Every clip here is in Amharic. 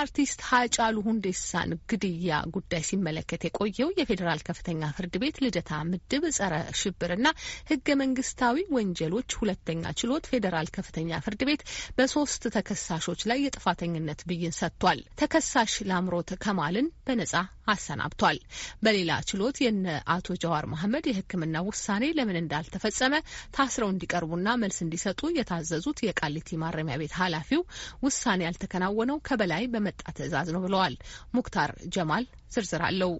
የአርቲስት ሀጫሉ ሁንዴሳን ግድያ ጉዳይ ሲመለከት የቆየው የፌዴራል ከፍተኛ ፍርድ ቤት ልደታ ምድብ ጸረ ሽብርና ህገ መንግስታዊ ወንጀሎች ሁለተኛ ችሎት ፌዴራል ከፍተኛ ፍርድ ቤት በሶስት ተከሳሾች ላይ የጥፋተኝነት ብይን ሰጥቷል። ተከሳሽ ላምሮት ከማልን በነጻ አሰናብቷል። በሌላ ችሎት የነ አቶ ጀዋር መሐመድ የህክምና ውሳኔ ለምን እንዳልተፈጸመ ታስረው እንዲቀርቡና መልስ እንዲሰጡ የታዘዙት የቃሊቲ ማረሚያ ቤት ኃላፊው ውሳኔ ያልተከናወነው ከበላይ በመ የመጣ ትዕዛዝ ነው ብለዋል። ሙክታር ጀማል ዝርዝር አለው።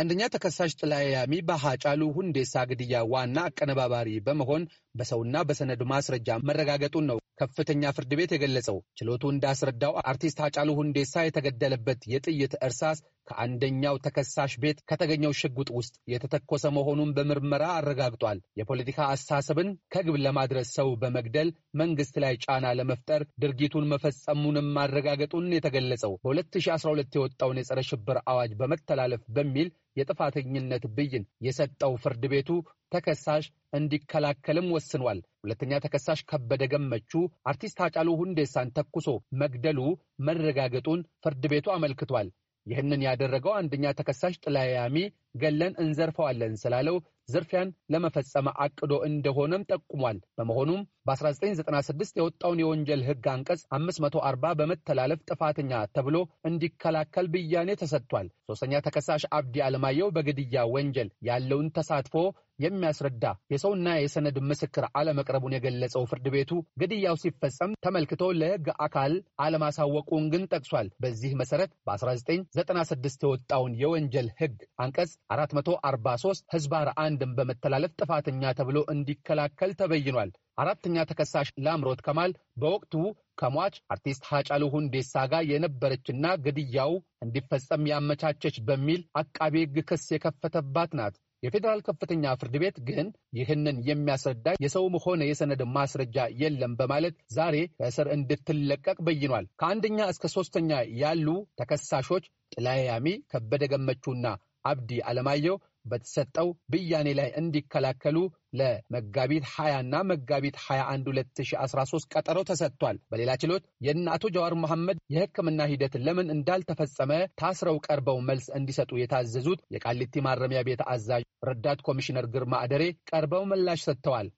አንደኛ ተከሳሽ ጥላያሚ ባሃጫሉ ሁንዴሳ ግድያ ዋና አቀነባባሪ በመሆን በሰውና በሰነድ ማስረጃ መረጋገጡን ነው ከፍተኛ ፍርድ ቤት የገለጸው። ችሎቱ እንዳስረዳው አርቲስት አጫሉ ሁንዴሳ የተገደለበት የጥይት እርሳስ ከአንደኛው ተከሳሽ ቤት ከተገኘው ሽጉጥ ውስጥ የተተኮሰ መሆኑን በምርመራ አረጋግጧል። የፖለቲካ አስተሳሰብን ከግብ ለማድረስ ሰው በመግደል መንግስት ላይ ጫና ለመፍጠር ድርጊቱን መፈጸሙንም ማረጋገጡን የተገለጸው በ2012 የወጣውን የጸረ ሽብር አዋጅ በመተላለፍ በሚል የጥፋተኝነት ብይን የሰጠው ፍርድ ቤቱ ተከሳሽ እንዲከላከልም ወስኗል። ሁለተኛ ተከሳሽ ከበደ ገመቹ አርቲስት አጫሉ ሁንዴሳን ተኩሶ መግደሉ መረጋገጡን ፍርድ ቤቱ አመልክቷል። ይህንን ያደረገው አንደኛ ተከሳሽ ጥላያሚ ገለን እንዘርፈዋለን ስላለው ዝርፊያን ለመፈጸመ አቅዶ እንደሆነም ጠቁሟል። በመሆኑም በ1996 የወጣውን የወንጀል ሕግ አንቀጽ 540 በመተላለፍ ጥፋተኛ ተብሎ እንዲከላከል ብያኔ ተሰጥቷል። ሶስተኛ ተከሳሽ አብዲ አለማየሁ በግድያ ወንጀል ያለውን ተሳትፎ የሚያስረዳ የሰውና የሰነድ ምስክር አለመቅረቡን የገለጸው ፍርድ ቤቱ ግድያው ሲፈጸም ተመልክቶ ለሕግ አካል አለማሳወቁን ግን ጠቅሷል። በዚህ መሰረት በ1996 የወጣውን የወንጀል ሕግ አንቀጽ 443 ህዝባር አንድን በመተላለፍ ጥፋተኛ ተብሎ እንዲከላከል ተበይኗል። አራተኛ ተከሳሽ ላምሮት ከማል በወቅቱ ከሟች አርቲስት ሀጫሉ ሁንዴሳ ጋር የነበረችና ግድያው እንዲፈጸም ያመቻቸች በሚል አቃቤ ሕግ ክስ የከፈተባት ናት። የፌዴራል ከፍተኛ ፍርድ ቤት ግን ይህንን የሚያስረዳ የሰውም ሆነ የሰነድ ማስረጃ የለም በማለት ዛሬ ከእስር እንድትለቀቅ በይኗል። ከአንደኛ እስከ ሶስተኛ ያሉ ተከሳሾች ጥላያሚ፣ ከበደ ገመቹና አብዲ አለማየሁ በተሰጠው ብያኔ ላይ እንዲከላከሉ ለመጋቢት 20ና መጋቢት 21 2013 ቀጠሮ ተሰጥቷል። በሌላ ችሎት የእነ አቶ ጀዋር መሐመድ የሕክምና ሂደት ለምን እንዳልተፈጸመ ታስረው ቀርበው መልስ እንዲሰጡ የታዘዙት የቃሊቲ ማረሚያ ቤት አዛዥ ረዳት ኮሚሽነር ግርማ አደሬ ቀርበው ምላሽ ሰጥተዋል።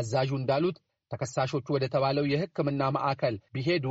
አዛዡ እንዳሉት ተከሳሾቹ ወደ ተባለው የሕክምና ማዕከል ቢሄዱ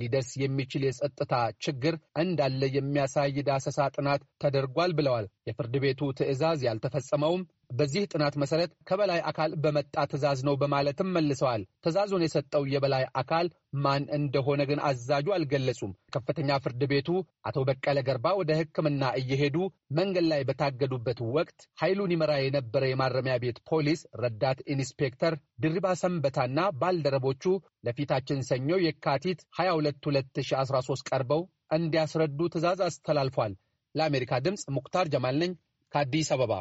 ሊደርስ የሚችል የጸጥታ ችግር እንዳለ የሚያሳይ ዳሰሳ ጥናት ተደርጓል ብለዋል። የፍርድ ቤቱ ትዕዛዝ ያልተፈጸመውም በዚህ ጥናት መሰረት ከበላይ አካል በመጣ ትዕዛዝ ነው በማለትም መልሰዋል። ትዕዛዙን የሰጠው የበላይ አካል ማን እንደሆነ ግን አዛዡ አልገለጹም። ከፍተኛ ፍርድ ቤቱ አቶ በቀለ ገርባ ወደ ሕክምና እየሄዱ መንገድ ላይ በታገዱበት ወቅት ኃይሉን ይመራ የነበረ የማረሚያ ቤት ፖሊስ ረዳት ኢንስፔክተር ድሪባ ሰንበታና ባልደረቦቹ ለፊታችን ሰኞ የካቲት 22 2013 ቀርበው እንዲያስረዱ ትዕዛዝ አስተላልፏል። ለአሜሪካ ድምፅ ሙክታር ጀማል ነኝ ከአዲስ አበባ።